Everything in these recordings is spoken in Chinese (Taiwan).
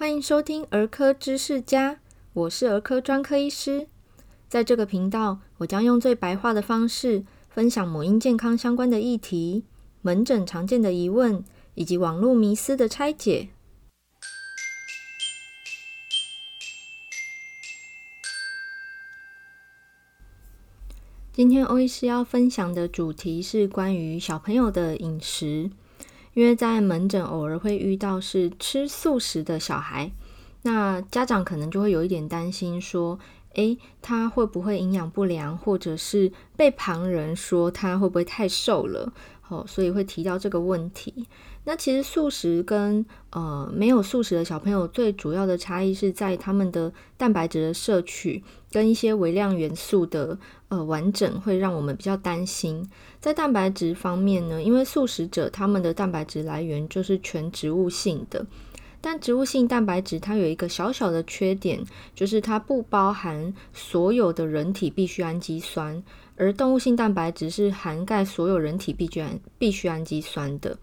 歡迎收聽《兒科知識家》，我是兒科專科醫師。在這個頻道，我將用最白話的方式分享母嬰健康相關的議題、門診常見的疑問以及網絡迷思的拆解。今天歐醫師要分享的主題是關於小朋友的飲食。因為在門診偶爾會遇到是吃素食的小孩，那家長可能就會有一點擔心，說：“誒，他會不會營養不良，或者是被旁人說他會不會太瘦了？”哦，所以會提到這個問題。那其實素食跟呃沒有素食的小朋友最主要的差異是在他們的蛋白質的攝取跟一些微量元素的呃完整，會讓我們比較擔心。在蛋白質方面呢，因為素食者他們的蛋白質來源就是全植物性的，但植物性蛋白質它有一個小小的缺點，就是它不包含所有的人體必需氨基酸，而動物性蛋白質是涵蓋所有人體必需必需氨基酸的。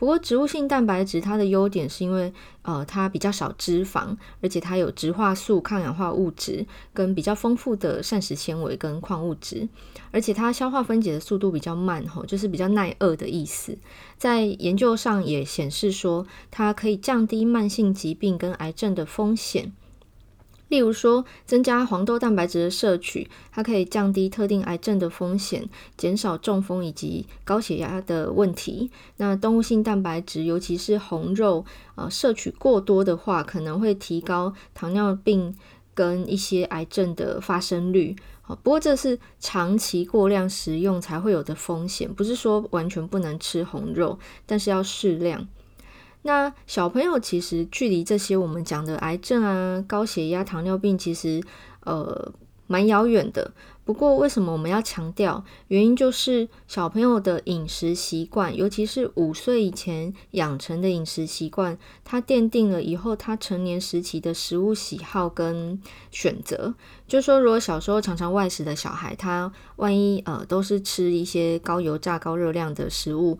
不過，植物性蛋白質它的優點是因為，呃，它比較少脂肪，而且它有植化素、抗氧化物質，跟比較豐富的膳食纖維跟礦物質，而且它消化分解的速度比較慢，吼，就是比較耐餓的意思。在研究上也顯示說，它可以降低慢性疾病跟癌症的風險。例如說，增加黃豆蛋白質的攝取，它可以降低特定癌症的風險，減少中風以及高血壓的問題。那動物性蛋白質，尤其是紅肉，呃，攝取過多的話，可能會提高糖尿病跟一些癌症的發生率。好、哦，不過這是長期過量食用才會有的風險，不是說完全不能吃紅肉，但是要適量。那小朋友其實距離這些我們講的癌症啊、高血壓、糖尿病其實呃蠻遙遠的。不過為什麼我們要強調？原因就是小朋友的飲食習慣，尤其是五歲以前養成的飲食習慣，它奠定了以後他成年時期的食物喜好跟選擇。就說如果小時候常常外食的小孩，他萬一呃都是吃一些高油炸、高熱量的食物，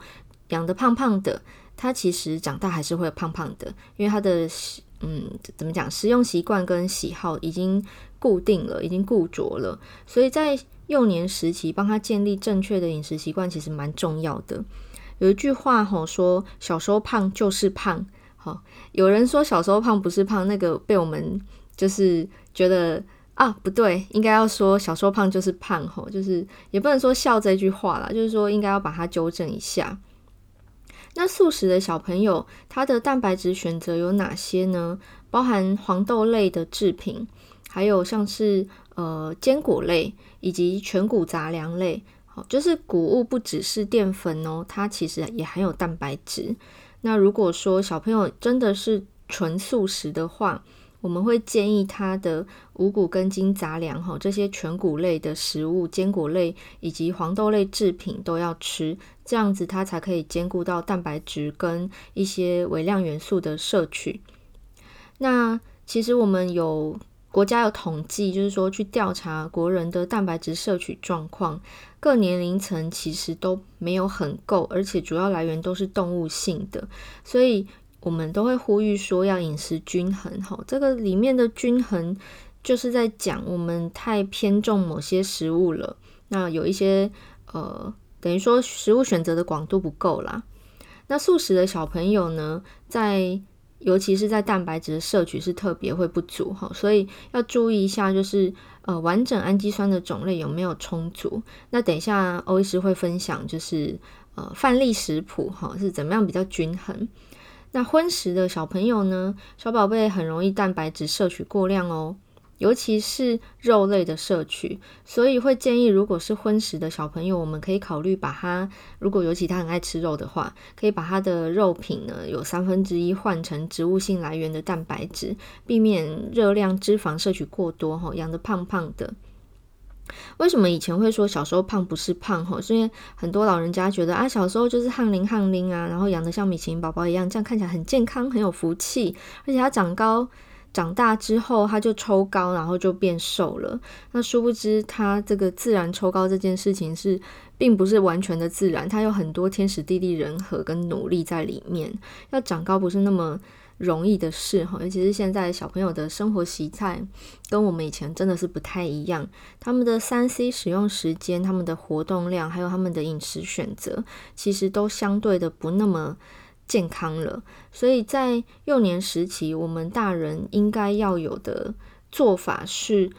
養得胖胖的。他其實長大還是會胖胖的，因為他的，嗯，怎麼講，食用習慣跟喜好已經固定了，已經固着了。所以在幼年時期幫他建立正確的飲食習慣，其實蠻重要的。有一句話吼、哦、說，小時候胖就是胖。好、哦，有人說小時候胖不是胖，那個被我們就是覺得啊不對，應該要說小時候胖就是胖吼、哦，就是也不能說笑這句話啦，就是說應該要把它糾正一下。那素食的小朋友，他的蛋白質選擇有哪些呢？包含黃豆類的製品，還有像是呃堅果類以及全谷雜糧類。好，就是谷物不只是澱粉哦，它其實也含有蛋白質。那如果說小朋友真的是純素食的話，我們會建議他的五谷根莖雜糧，哈，這些全谷類的食物、堅果類以及黃豆類製品都要吃。這樣子，它才可以兼顧到蛋白質跟一些微量元素的攝取。那其實我們有國家有統計，就是說去調查國人的蛋白質攝取狀況，各年齡層其實都沒有很夠，而且主要來源都是動物性的。所以，我們都會呼籲說要飲食均衡。吼，這個裡面的均衡就是在講我們太偏重某些食物了。那有一些呃。等於說食物選擇的廣度不夠啦。那素食的小朋友呢，在尤其是在蛋白質的攝取是特別會不足哈、哦，所以要注意一下，就是呃完整氨基酸的種類有沒有充足。那等一下歐醫師會分享就是呃範例食譜哈、哦，是怎麼樣比較均衡。那葷食的小朋友呢，小寶貝很容易蛋白質攝取過量哦。尤其是肉類的攝取，所以會建議，如果是葷食的小朋友，我們可以考慮把他，如果尤其他很愛吃肉的話，可以把他的肉品呢，有三分之一換成植物性來源的蛋白質，避免熱量、脂肪攝取過多，吼，養得胖胖的。為什麼以前會說小時候胖不是胖？吼，是因為很多老人家覺得啊，小時候就是汗淋汗淋啊，然後養得像米奇寶寶一樣，這樣看起來很健康，很有福氣，而且他長高。長大之後，他就抽高，然後就變瘦了。那殊不知，他這個自然抽高這件事情是，並不是完全的自然，他有很多天時地利人和跟努力在裡面。要長高不是那麼容易的事哈，尤其是現在小朋友的生活習態跟我們以前真的是不太一樣。他們的三 C 使用時間、他們的活動量，還有他們的飲食選擇，其實都相對的不那麼。健康了，所以在幼年時期，我們大人應該要有的做法是，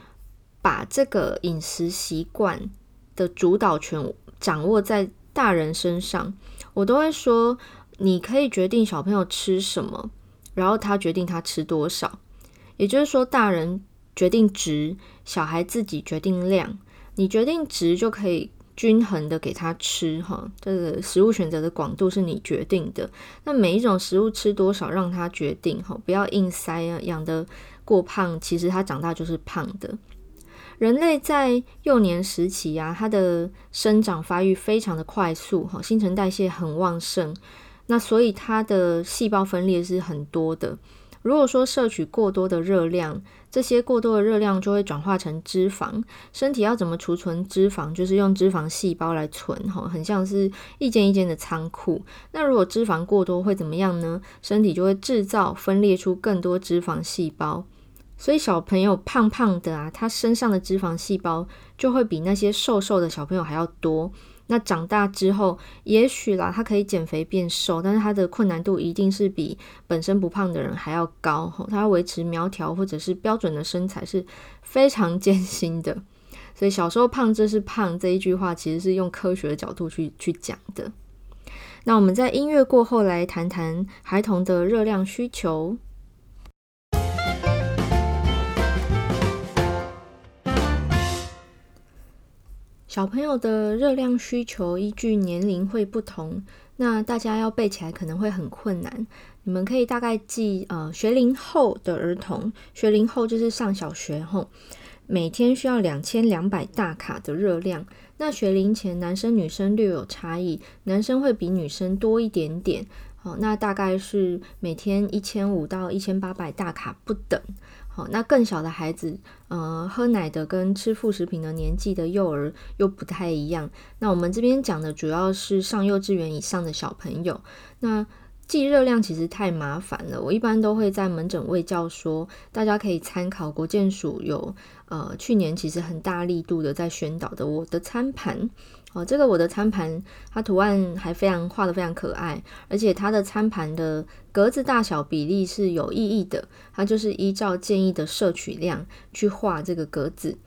把這個飲食習慣的主導權掌握在大人身上。我都會說，你可以決定小朋友吃什麼，然後他決定他吃多少。也就是說，大人決定質，小孩自己決定量。你決定質就可以。均衡的給他吃哈，這個食物選擇的廣度是你決定的。那每一種食物吃多少，讓他決定哈，不要硬塞，養得過胖，其實他長大就是胖的。人類在幼年時期啊，他的生長發育非常的快速哈，新陳代謝很旺盛，那所以他的細胞分裂是很多的。如果說攝取過多的熱量，這些過多的熱量就會轉化成脂肪。身體要怎麼儲存脂肪？就是用脂肪細胞來存，哈，很像是一間一間的倉庫。那如果脂肪過多會怎麼樣呢？身體就會製造分裂出更多脂肪細胞。所以小朋友胖胖的啊，他身上的脂肪細胞就會比那些瘦瘦的小朋友還要多。那長大之後，也許啦，他可以減肥變瘦，但是他的困難度一定是比本身不胖的人還要高。他要維持苗條或者是標準的身材是非常艱辛的。所以小時候胖就是胖這一句話，其實是用科學的角度去去講的。那我們在音樂過後來談談孩童的熱量需求。小朋友的熱量需求依據年齡會不同，那大家要背起來可能會很困難。你們可以大概記，呃，學齡後的兒童，學齡後就是上小學後，每天需要兩千兩百大卡的熱量。那學齡前，男生女生略有差異，男生會比女生多一點點，好，哦，那大概是每天一千五到一千八百大卡不等。好，那更小的孩子，呃，喝奶的跟吃副食品的年紀的幼兒又不太一樣。那我們這邊講的主要是上幼稚園以上的小朋友。那計熱量其實太麻煩了，我一般都會在門診衛教說，大家可以參考國健署有，呃，去年其實很大力度的在宣導的我的餐盤。哦，這個我的餐盤，它圖案還非常畫得非常可愛，而且它的餐盤的格子大小比例是有意義的，它就是依照建議的攝取量去畫這個格子。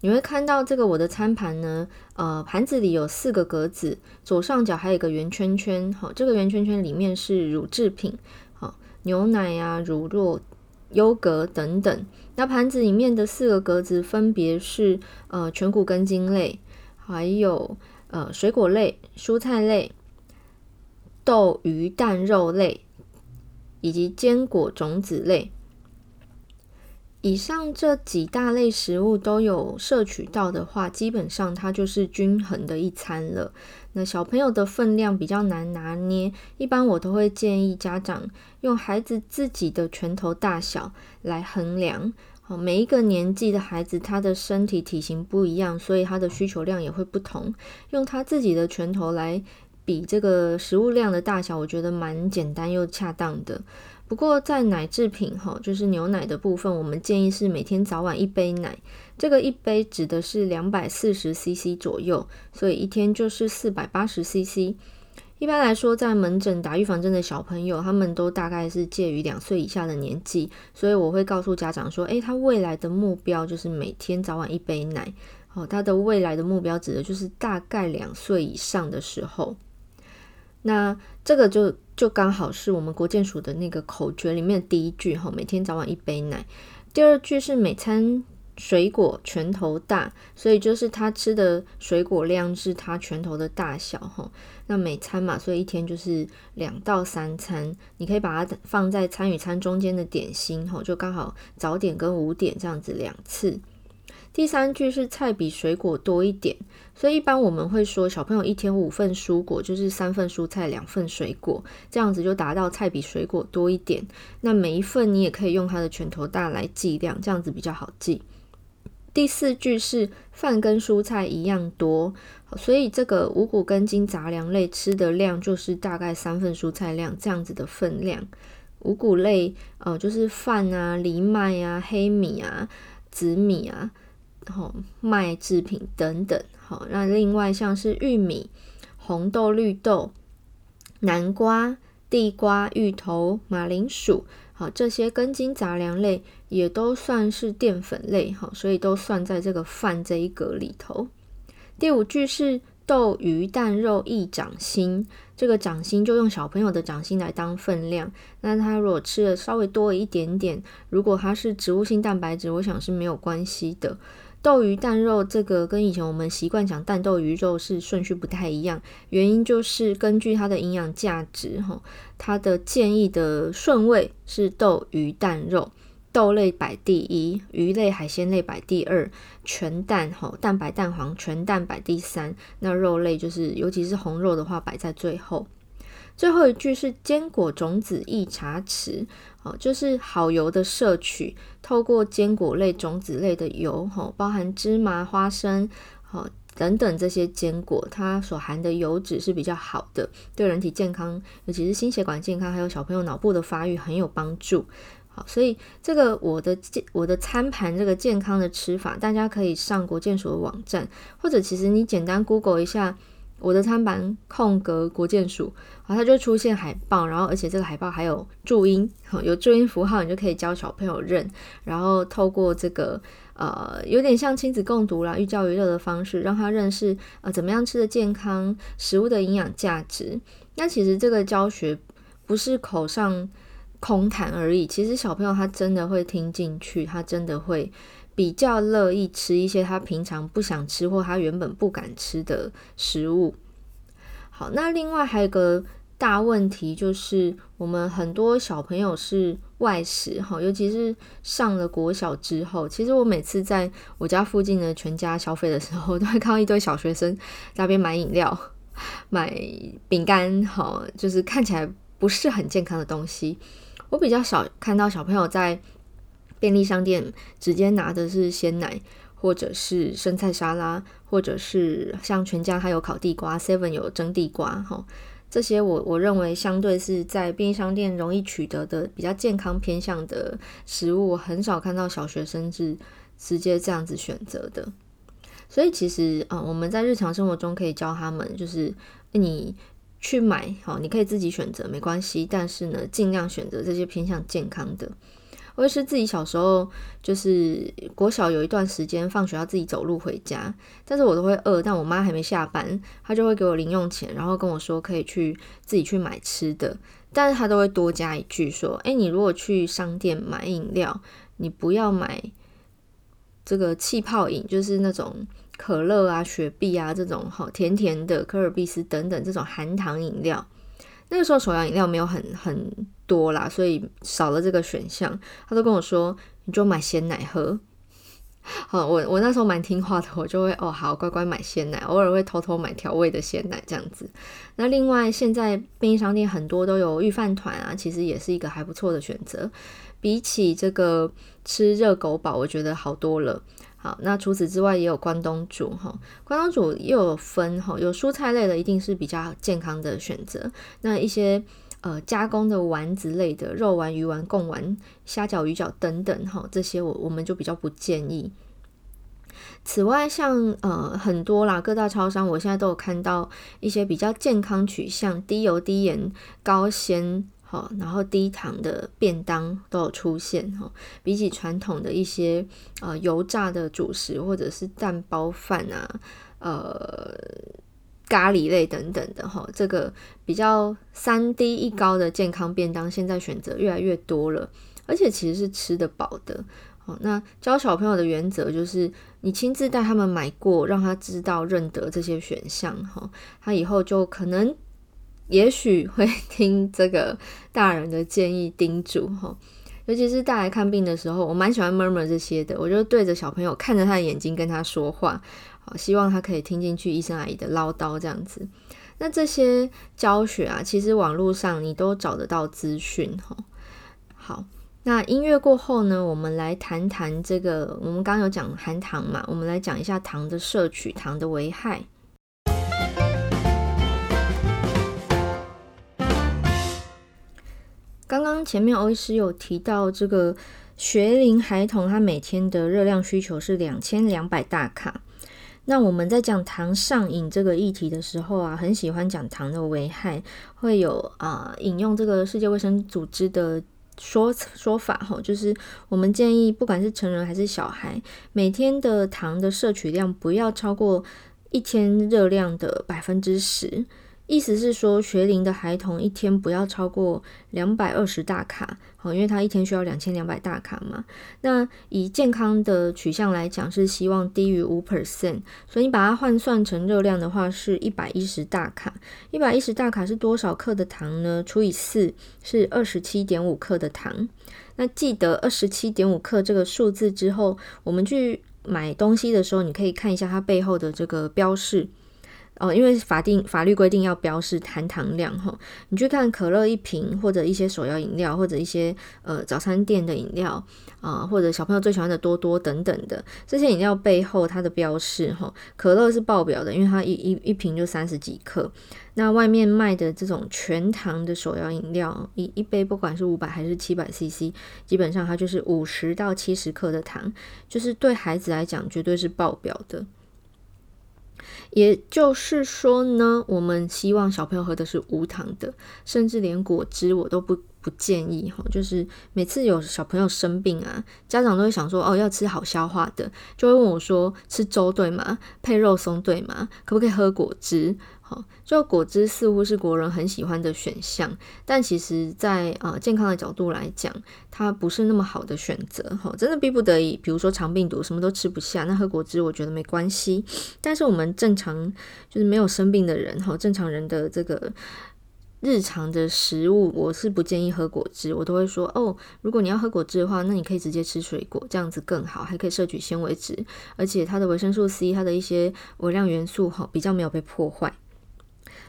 你會看到這個我的餐盤呢，呃，盤子裡有四個格子，左上角還有一個圓圈圈，好、哦，這個圓圈圈裡面是乳製品，好、哦，牛奶啊、乳酪、優格等等。那盤子裡面的四個格子分別是，呃，全穀根莖類。還有，呃，水果類、蔬菜類、豆、魚、蛋、肉類，以及堅果、種子類。以上這幾大類食物都有攝取到的話，基本上它就是均衡的一餐了。那小朋友的分量比較難拿捏，一般我都會建議家長用孩子自己的拳頭大小來衡量。每一個年紀的孩子，他的身體體型不一樣，所以他的需求量也會不同。用他自己的拳頭來比這個食物量的大小，我覺得蠻簡單又恰當的。不過在奶製品哈，就是牛奶的部分，我們建議是每天早晚一杯奶。這個一杯指的是兩百四十 CC 左右，所以一天就是四百八十 CC。一般來說，在門診打預防針的小朋友，他們都大概是介於兩歲以下的年紀，所以我會告訴家長說，誒，他未來的目標就是每天早晚一杯奶，好，哦，他的未來的目標指的就是大概兩歲以上的時候，那這個就就剛好是我們國健署的那個口訣裡面的第一句哈，哦，每天早晚一杯奶，第二句是每餐。水果拳頭大，所以就是他吃的水果量是他拳頭的大小，吼，那每餐嘛，所以一天就是兩到三餐，你可以把它放在餐與餐中間的點心，吼，就剛好早點跟五點這樣子兩次。第三句是菜比水果多一點，所以一般我們會說小朋友一天五份蔬果，就是三份蔬菜，兩份水果，這樣子就達到菜比水果多一點。那每一份你也可以用他的拳頭大來計量，這樣子比較好記。第四句是飯跟蔬菜一樣多，所以這個五穀根莖雜糧類吃的量就是大概三份蔬菜量這樣子的分量。五穀類呃，就是飯啊、藜麥啊、黑米啊、紫米啊，好麥製品等等。好，那另外像是玉米、紅豆、綠豆、南瓜、地瓜、芋頭、馬鈴薯，好這些根莖雜糧類。也都算是澱粉類，哈，所以都算在這個飯這一格裡頭。第五句是豆魚蛋肉一掌心，這個掌心就用小朋友的掌心來當分量。那他如果吃了稍微多一點點，如果他是植物性蛋白質，我想是沒有關係的。豆魚蛋肉這個跟以前我們習慣講蛋豆魚肉是順序不太一樣，原因就是根據它的營養價值，哈，它的建議的順位是豆魚蛋肉。豆類擺第一，魚類海鮮類擺第二，全蛋吼，蛋白蛋黃全蛋擺第三，那肉類就是尤其是紅肉的話擺在最後。最後一句是堅果種子一茶匙，哦，就是好油的攝取，透過堅果類、種子類的油，吼，包含芝麻、花生，哦，等等這些堅果，它所含的油脂是比較好的，對人體健康，尤其是心血管健康，還有小朋友腦部的發育很有幫助。所以這個我的我的餐盤這個健康的吃法，大家可以上國健署的網站，或者其實你簡單 Google 一下我的餐盤空格國健署，然後它就出現海報，然後而且這個海報還有注音，有注音符號，你就可以教小朋友認，然後透過這個呃有點像親子共讀啦，寓教於樂的方式，讓他認識呃怎麼樣吃的健康，食物的營養價值。那其實這個教學不是口上。空談而已。其實小朋友他真的會聽進去，他真的會比較樂意吃一些他平常不想吃或他原本不敢吃的食物。好，那另外還有一個大問題就是，我們很多小朋友是外食哈，尤其是上了國小之後。其實我每次在我家附近的全家消費的時候，都會看到一堆小學生在那邊買飲料、買餅乾，哈，就是看起來不是很健康的東西。我比較少看到小朋友在便利商店直接拿的是鮮奶，或者是生菜沙拉，或者是像全家還有烤地瓜，Seven 有蒸地瓜哈。這些我我認為相對是在便利商店容易取得的比較健康偏向的食物，我很少看到小學生是直接這樣子選擇的。所以其實啊、嗯，我們在日常生活中可以教他們，就是、欸、你。去買哦，你可以自己選擇，沒關係。但是呢，盡量選擇這些偏向健康的。我也是自己小時候，就是國小有一段時間放學要自己走路回家，但是我都會餓。但我媽還沒下班，她就會給我零用錢，然後跟我說可以去自己去買吃的。但是她都會多加一句說：“誒，你如果去商店買飲料，你不要買這個氣泡飲，就是那種。”可樂啊、雪碧啊，這種好，哦，甜甜的、可爾必思等等這種含糖飲料，那個時候手搖飲料沒有很很多啦，所以少了這個選項。他都跟我說，你就買鮮奶喝。好，我我那時候蠻聽話的，我就會哦好乖乖買鮮奶，偶爾會偷偷買調味的鮮奶這樣子。那另外現在便利商店很多都有御飯糰啊，其實也是一個還不錯的選擇，比起這個吃熱狗堡，我覺得好多了。好，那除此之外也有關東煮哈，關東煮又有分哈，有蔬菜類的一定是比較健康的選擇，那一些呃加工的丸子類的，肉丸、魚丸、貢丸、蝦餃、魚餃等等哈，這些我我們就比較不建議。此外像，像呃很多啦，各大超商我現在都有看到一些比較健康取向，低油、低鹽、高纖好，然後低糖的便當都有出現哈。比起傳統的一些呃油炸的主食或者是蛋包飯啊、呃咖喱類等等的哈，這個比較三低一高的健康便當，現在選擇越來越多了，而且其實是吃得飽的。哦，那教小朋友的原則就是，你親自帶他們買過，讓他知道認得這些選項哈，他以後就可能。也許會聽這個大人的建議叮囑哈，尤其是大來看病的時候，我蠻喜歡 murmur 這些的，我就對着小朋友，看着他的眼睛跟他說話，好，希望他可以聽進去醫生阿姨的嘮叨這樣子。那這些教學啊，其實網絡上你都找得到資訊哈。好，那音樂過後呢，我們來談談這個，我們剛剛有講含糖嘛，我們來講一下糖的攝取，糖的危害。剛剛前面歐醫師有提到，這個學齡孩童他每天的熱量需求是兩千兩百大卡。那我們在講糖上癮這個議題的時候啊，很喜歡講糖的危害，會有啊、呃、引用這個世界衛生組織的說說法吼，就是我們建議不管是成人還是小孩，每天的糖的攝取量不要超過一天熱量的百分之十。意思是說，學齡的孩童，一天不要超過兩百二十大卡，好，因為他一天需要兩千兩百大卡嘛。那以健康的取向來講，是希望低於五 percent。所以你把它換算成熱量的話，是一百一十大卡。一百一十大卡是多少克的糖呢？除以四，是二十七點五克的糖。那記得二十七點五克這個數字之後，我們去買東西的時候，你可以看一下它背後的這個標示。哦，因為法定法律規定要標示含糖量哈，你去看可樂一瓶或者一些手搖飲料或者一些呃早餐店的飲料啊、呃，或者小朋友最喜歡的多多等等的這些飲料背後它的標示哈，可樂是爆表的，因為它一一一瓶就三十幾克，那外面賣的這種全糖的手搖飲料一一杯不管是五百還是七百 CC，基本上它就是五十到七十克的糖，就是對孩子來講絕對是爆表的。也就是說呢，我們希望小朋友喝的是無糖的，甚至連果汁我都不不建議哈。就是每次有小朋友生病啊，家長都會想說哦，要吃好消化的，就會問我說，吃粥對嗎？配肉鬆對嗎？可不可以喝果汁？哦、就果汁似乎是國人很喜歡的選項，但其實在，在、呃、啊健康的角度來講，它不是那麼好的選擇。哈、哦，真的逼不得已，比如說腸病毒什麼都吃不下，那喝果汁我覺得沒關係。但是我們正常就是沒有生病的人，哈、哦，正常人的這個日常的食物，我是不建議喝果汁。我都會說，哦，如果你要喝果汁的話，那你可以直接吃水果，這樣子更好，還可以攝取纖維質，而且它的維生素 C，它的一些微量元素哈、哦，比較沒有被破壞。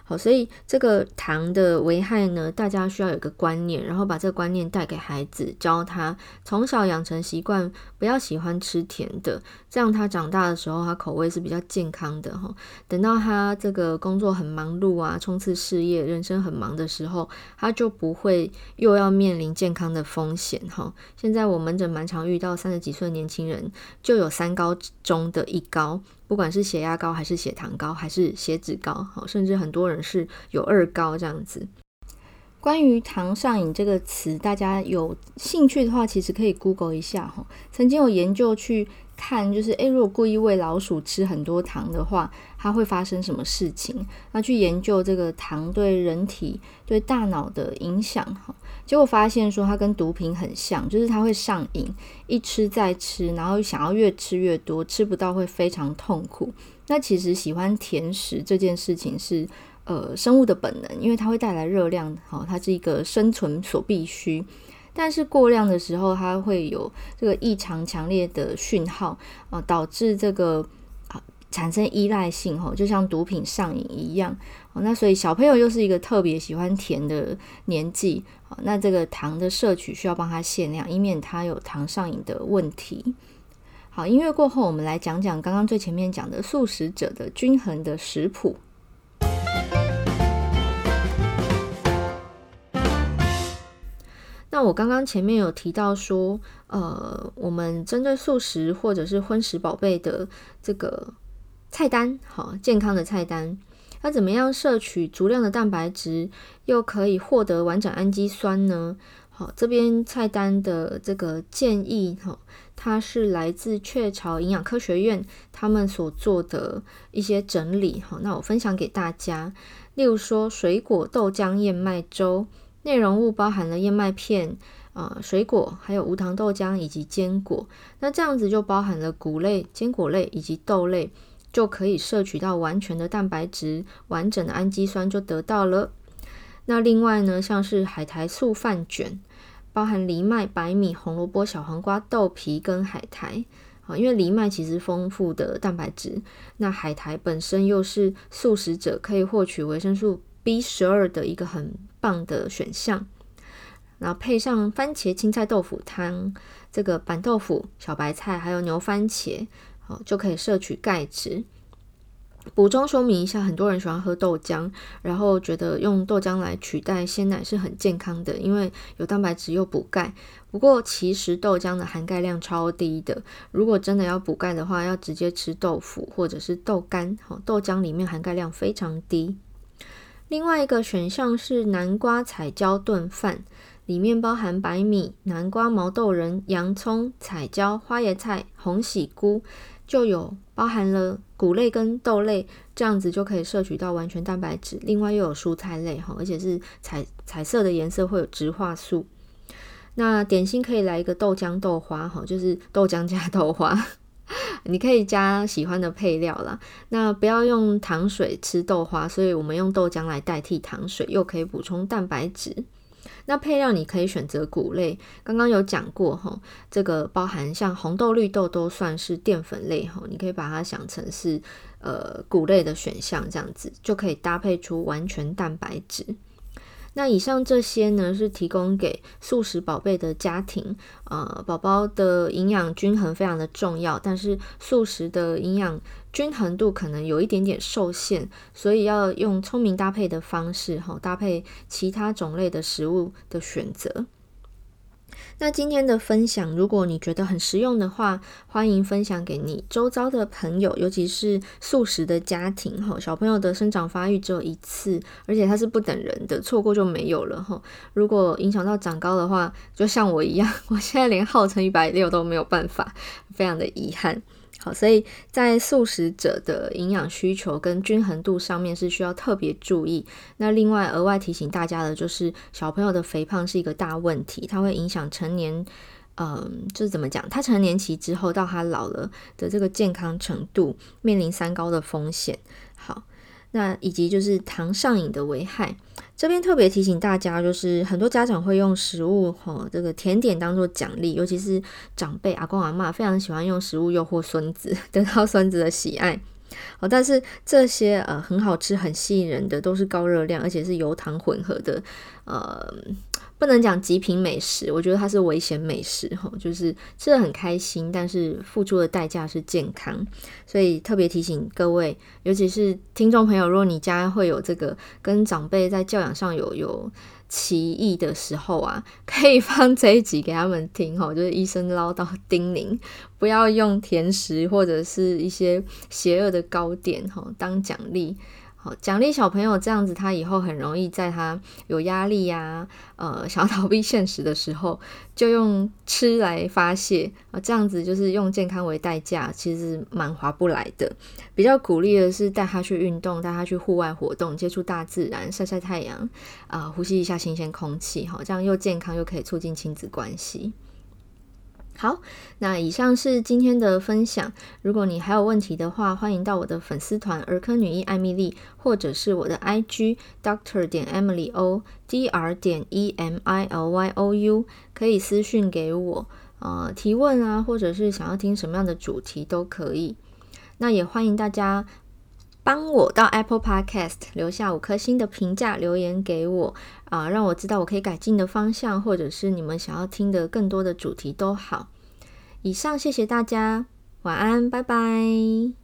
好，所以這個糖的危害呢，大家需要有個觀念，然後把這個觀念帶給孩子，教他從小養成習慣，不要喜歡吃甜的，這樣他長大的時候，他口味是比較健康的哈。等到他這個工作很忙碌啊，衝刺事業，人生很忙的時候，他就不會又要面臨健康的風險哈。現在我們這蠻常遇到三十幾歲的年輕人，就有三高中的一高。不管是血壓高還是血糖高還是血脂高，甚至很多人是有二高這樣子。關於糖上癮這個詞，大家有興趣的話，其實可以 Google 一下。曾經有研究去看，就是哎、欸，如果故意餵老鼠吃很多糖的話，它會發生什麼事情？那去研究這個糖對人體、對大腦的影響哈，結果發現說它跟毒品很像，就是它會上癮，一吃再吃，然後想要越吃越多，吃不到會非常痛苦。那其實喜歡甜食這件事情是呃生物的本能，因為它會帶來熱量，好，它是一個生存所必須。但是過量的時候，它會有這個異常強烈的訊號呃，導致這個。產生依賴性，吼，就像毒品上癮一樣。那所以小朋友又是一個特別喜歡甜的年紀，那這個糖的攝取需要幫他限量，以免他有糖上癮的問題。好，音樂過後，我們來講講剛剛最前面講的素食者的均衡的食譜。 那我剛剛前面有提到說，呃，我們針對素食或者是葷食寶貝的這個。菜單好，健康的菜單。那、啊、怎麼樣攝取足量的蛋白質，又可以獲得完整氨基酸呢？好，這邊菜單的這個建議，哈，它是來自雀巢營養科學院他們所做的一些整理，好，那我分享給大家。例如說，水果豆漿燕麥粥，內容物包含了燕麥片、啊水果，還有無糖豆漿以及堅果。那這樣子就包含了穀類、堅果類以及豆類。就可以攝取到完全的蛋白質，完整的氨基酸就得到了。那另外呢，像是海苔素飯捲，包含藜麥、白米、紅蘿蔔、小黃瓜、豆皮跟海苔。啊，因為藜麥其實豐富的蛋白質，那海苔本身又是素食者可以獲取維生素 B 十二的一個很棒的選項。然後配上番茄青菜豆腐湯，這個板豆腐、小白菜還有牛番茄。就可以攝取鈣質。補充說明一下，很多人喜歡喝豆漿，然後覺得用豆漿來取代鮮奶是很健康的，因為有蛋白質又補鈣。不過其實豆漿的含鈣量超低的，如果真的要補鈣的話，要直接吃豆腐或者是豆乾。好，豆漿裡面含鈣量非常低。另外一個選項是南瓜彩椒燉飯，裡面包含白米、南瓜、毛豆仁、洋蔥、彩椒、花椰菜、鴻喜菇。就有包含了穀類跟豆類，這樣子就可以攝取到完全蛋白質。另外又有蔬菜類哈，而且是彩彩色的顏色會有植化素。那點心可以來一個豆漿豆花哈，就是豆漿加豆花， 你可以加喜歡的配料啦。那不要用糖水吃豆花，所以我們用豆漿來代替糖水，又可以補充蛋白質。那配料你可以選擇穀類，剛剛有講過哈，這個包含像紅豆、綠豆都算是澱粉類哈，你可以把它想成是呃穀類的選項，這樣子就可以搭配出完全蛋白質。那以上這些呢，是提供給素食寶貝的家庭，呃，寶寶的營養均衡非常的重要，但是素食的營養均衡度可能有一點點受限，所以要用聰明搭配的方式，哈，搭配其他種類的食物的選擇。那今天的分享，如果你覺得很實用的話，歡迎分享給你周遭的朋友，尤其是素食的家庭吼，小朋友的生長發育只有一次，而且他是不等人的，錯過就沒有了吼，如果影響到長高的話，就像我一樣，我現在連號稱一百六都沒有辦法，非常的遺憾。好，所以在素食者的營養需求跟均衡度上面是需要特別注意。那另外額外提醒大家的，就是小朋友的肥胖是一個大問題，它會影響成年，嗯，就是怎麼講，他成年期之後到他老了的這個健康程度，面臨三高的風險。那以及就是糖上癮的危害，這邊特別提醒大家，就是很多家長會用食物和這個甜點當做獎勵，尤其是長輩阿公阿媽非常喜歡用食物誘惑孫子，得到孫子的喜愛。好，但是這些呃很好吃很吸引人的都是高熱量，而且是油糖混合的，呃。不能講極品美食，我覺得它是危險美食吼，就是吃得很開心，但是付出的代價是健康，所以特別提醒各位，尤其是聽眾朋友，如果你家會有這個跟長輩在教養上有有歧義的時候啊，可以放這一集給他們聽吼，就是醫生嘮叨叮嚀，不要用甜食或者是一些邪惡的糕點吼，當獎勵。好，獎勵小朋友這樣子，他以後很容易在他有壓力呀、啊，呃，想要逃避現實的時候，就用吃來發洩啊。這樣子就是用健康為代價，其實蠻划不來的。比較鼓勵的是帶他去運動，帶他去戶外活動，接觸大自然，曬曬太陽，啊、呃，呼吸一下新鮮空氣，好，這樣又健康又可以促進親子關係。好，那以上是今天的分享。如果你還有問題的話，歡迎到我的粉絲團“兒科女醫艾蜜莉”，或者是我的 IG doctor 點 Emily O D R 點 E M I L Y O U，可以私訊給我，呃，提問啊，或者是想要聽什麼樣的主題都可以。那也歡迎大家，幫我到 Apple Podcast 留下五顆星的評價留言給我啊，讓我知道我可以改進的方向，或者是你們想要聽的更多的主題都好。以上，謝謝大家，晚安，拜拜。